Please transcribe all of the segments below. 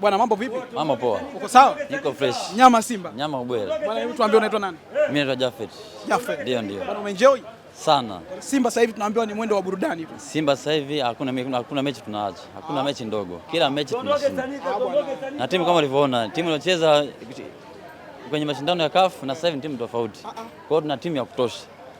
Bwana mambo vipi? Mambo poa. Uko sawa? Niko fresh. Nyama Simba. Nyama ubwela. Bwana hebu tuambie unaitwa nani? Mimi naitwa Jafet. Jafet. Ndio ndio. Bwana umeenjoy? Sana. Simba sasa hivi tunaambiwa ni mwendo wa burudani tu. Simba sasa hivi hakuna hakuna mechi tunaacha. Hakuna ah, mechi ndogo. Kila mechi tunashinda. Na timu kama ulivyoona, timu iliyocheza kwenye mashindano ya CAF na sasa hivi timu tofauti. Ah, ah. Kwa hiyo tuna timu ya kutosha.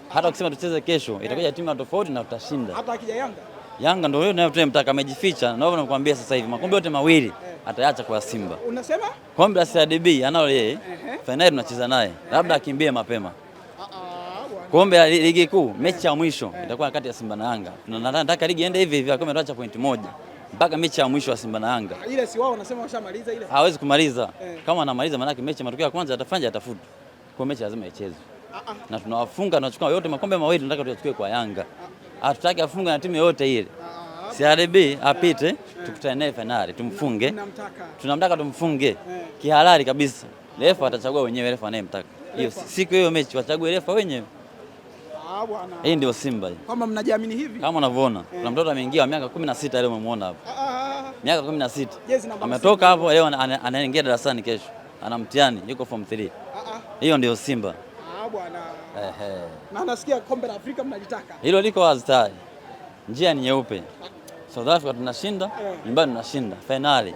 Hata ukisema tucheze kesho, itakuja timu ya tofauti na tutashinda. Hata akija Yanga. Yanga ndio yeye tunayemtaka amejificha. Na wewe unakuambia sasa hivi makombe yote mawili ataacha kwa Simba. Unasema? Kombe la CRDB anao yeye. Uh-huh. Fainali tunacheza naye. Labda akimbie mapema. Ah, ah, Kombe la ligi kuu mechi ya mwisho itakuwa kati ya Simba na Yanga. Nataka ligi iende hivi hivi, kwa tunaacha pointi moja mpaka mechi ya mwisho wa Simba na Yanga. Ile si wao wanasema washamaliza ile? Hawezi kumaliza. Eh. Kama anamaliza maana mechi matokeo ya kwanza atafanya atafuta. Kwa mechi lazima ichezwe. Ah, na tunawafunga na tunachukua yote makombe mawili tunataka tuyachukue kwa Yanga. Hatutaki afunga na timu yoyote ile. CRB apite, tukutane naye fainali, tumfunge. Tunamtaka tumfunge kihalali kabisa. Refa atachagua wenyewe, refa anayemtaka hiyo siku hiyo mechi, wachague refa wenyewe. Ah, hii ndio Simba kama mnajiamini hivi, kama unavyoona eh. kuna Mtoto ameingia wa miaka 16 sita leo umemwona hapo ah, ah, miaka 16. na sita yes, ametoka hapo leo anaingia darasani, kesho ana mtihani, yuko form 3 Ah ah, Hiyo ndio Simba ah, bwana. Ehe. Na nasikia kombe la Afrika mnalitaka hilo liko wazi tayari, njia ni nyeupe. South Africa tunashinda eh. nyumbani, tunashinda finali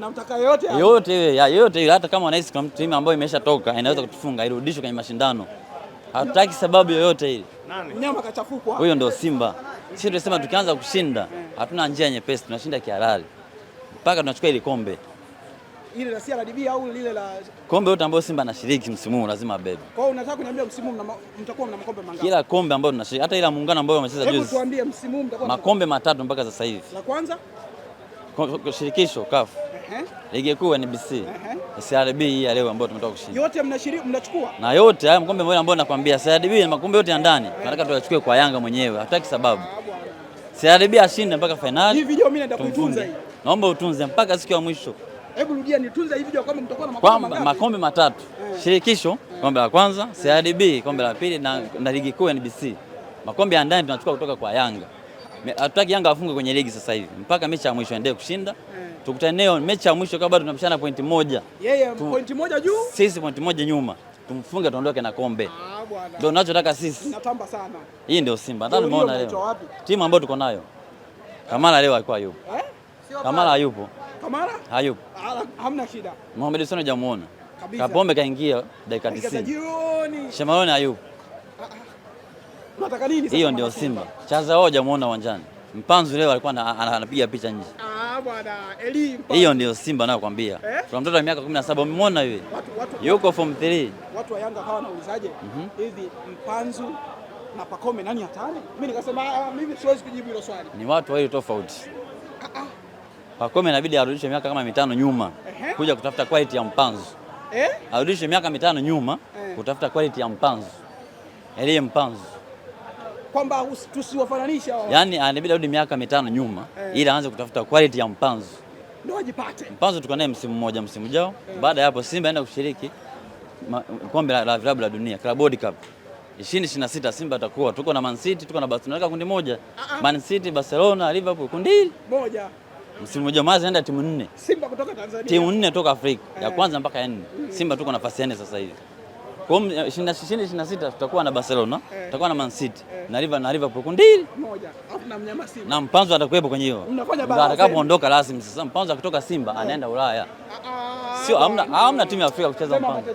na mtaka yote yote ya yote, hata kama wanahisi kama timu ambayo imeshatoka inaweza eh. kutufunga irudishwe kwenye mashindano, hatutaki sababu yoyote ile. Nyama kachafuka, huyo ndio Simba. Sisi tunasema tukianza kushinda eh. hatuna njia nyepesi, tunashinda kihalali mpaka tunachukua ile kombe ile la CRDB au lile la kombe yote ambayo Simba anashiriki msimu huu lazima abebe. Kwa hiyo unataka kuniambia msimu huu mtakuwa mna makombe mangapi? Kila kombe ambalo tunashiriki hata ile muungano ambao wamecheza juzi. Hebu tuambie msimu huu mtakuwa makombe matatu mpaka sasa hivi. La kwanza shirikisho CAF. Ehe. Ligi kuu NBC. Ehe. CRDB hii ya leo ambayo tumetoka kushinda. Yote mnashiriki mnachukua? Na yote haya makombe ambayo ambayo nakwambia CRDB ni makombe yote ya ndani. Nataka tuyachukue kwa Yanga mwenyewe. Hataki sababu. CRDB ah, ashinde mpaka finali. Hii video mimi naenda kuitunza hii. Naomba utunze mpaka siku ya mwisho. Hebu rudia nitunze hivi kwamba mtakuwa na makombe mangapi? Makombe matatu. Eh. Shirikisho kombe la kwanza, CRDB kombe la pili na, na ligi kuu NBC. Makombe ya ndani tunachukua kutoka kwa Yanga. Hatutaki Yanga afunge kwenye ligi sasa hivi mpaka mechi ya mwisho endelee kushinda. Eh. Tukutane leo mechi ya mwisho kabla tunapishana pointi moja. Yeye yeah, yeah, pointi moja juu. Sisi pointi moja nyuma. Tumfunge tuondoke na kombe. Ah bwana. Ndio tunachotaka sisi. Natamba sana. Hii ndio Simba. Nadhani umeona leo. Timu ambayo tuko nayo. Kamala leo alikuwa yupo. Eh? Kamala yupo. Kamara Ayub ah, hamna shida. Mohamed Hussein hajamuona kabisa. Kapombe kaingia dakika 90. jioni. Shemarone Ayub Unataka nini sasa? Hiyo ndio Simba. Chaza wao hajamuona uwanjani. Mpanzu leo alikuwa anapiga picha nje. Ah bwana, Eli Mpanzu. Hiyo ndio Simba nakwambia. kwambia. Eh? Kuna mtoto wa miaka 17 umemwona yule? Yuko form 3. Watu wa Yanga hawa wanaulizaje? Mhm. Hivi Mpanzu na Pakome nani hatari? Mimi nikasema ah, mimi siwezi kujibu hilo swali. Ni watu wawili tofauti. Kwa Pacome inabidi arudishe miaka kama mitano nyuma kuja kutafuta quality ya mpanzo eh? Arudishe miaka mitano nyuma eh, kutafuta quality ya mpanzo aliye mpanzo kwamba tusiwafananisha wao. Yaani anabidi ah, arudi miaka mitano nyuma eh, ili aanze kutafuta quality ya mpanzo ndio ajipate. Mpanzo tuko naye msimu mmoja msimu jao eh. Baada ya hapo Simba aenda kushiriki kombe la la vilabu la dunia Club World Cup ishirini ishirini na sita Simba atakuwa tuko na Man City tuko na Barcelona kundi moja, Uh ah, -huh. Ah. Man City Barcelona Liverpool kundi moja. Msimu mmoja Mazembe anaenda timu nne. Simba kutoka Tanzania. Timu nne toka Afrika ya eh. kwanza mpaka ya nne. Mm. Simba tuko nafasi ya nne sasa hivi. Kwa hiyo 26 eh, 26 tutakuwa na Barcelona, eh. tutakuwa na Man City, na River na River kundi moja. Alafu na mnyama Simba. Na Mpanzo atakuwepo kwenye hiyo. Atakapoondoka rasmi sasa Mpanzo akitoka Simba anaenda Ulaya. Ah, ah. Sio hamna hamna timu ya Afrika kucheza Mpanzo.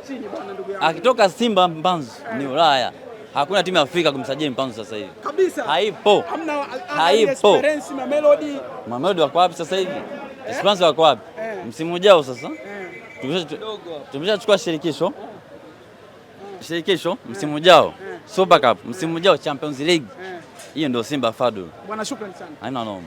Akitoka Simba Mpanzo ni Ulaya hakuna timu ya Afrika kumsajili Mpanzu sasa hivi kabisa, haipo, Hamna, haipo. Experience na Melody. Ma Melody wako wapi sasa hivi? Eh? Esperance wako wapi? eh? Msimu ujao sasa eh. tumeshachukua shirikisho eh. shirikisho eh. msimu ujao eh. Super Cup, msimu ujao Champions League. Eh. Hiyo eh. ndio Simba Fadu. Bwana, shukrani sana. Haina noma.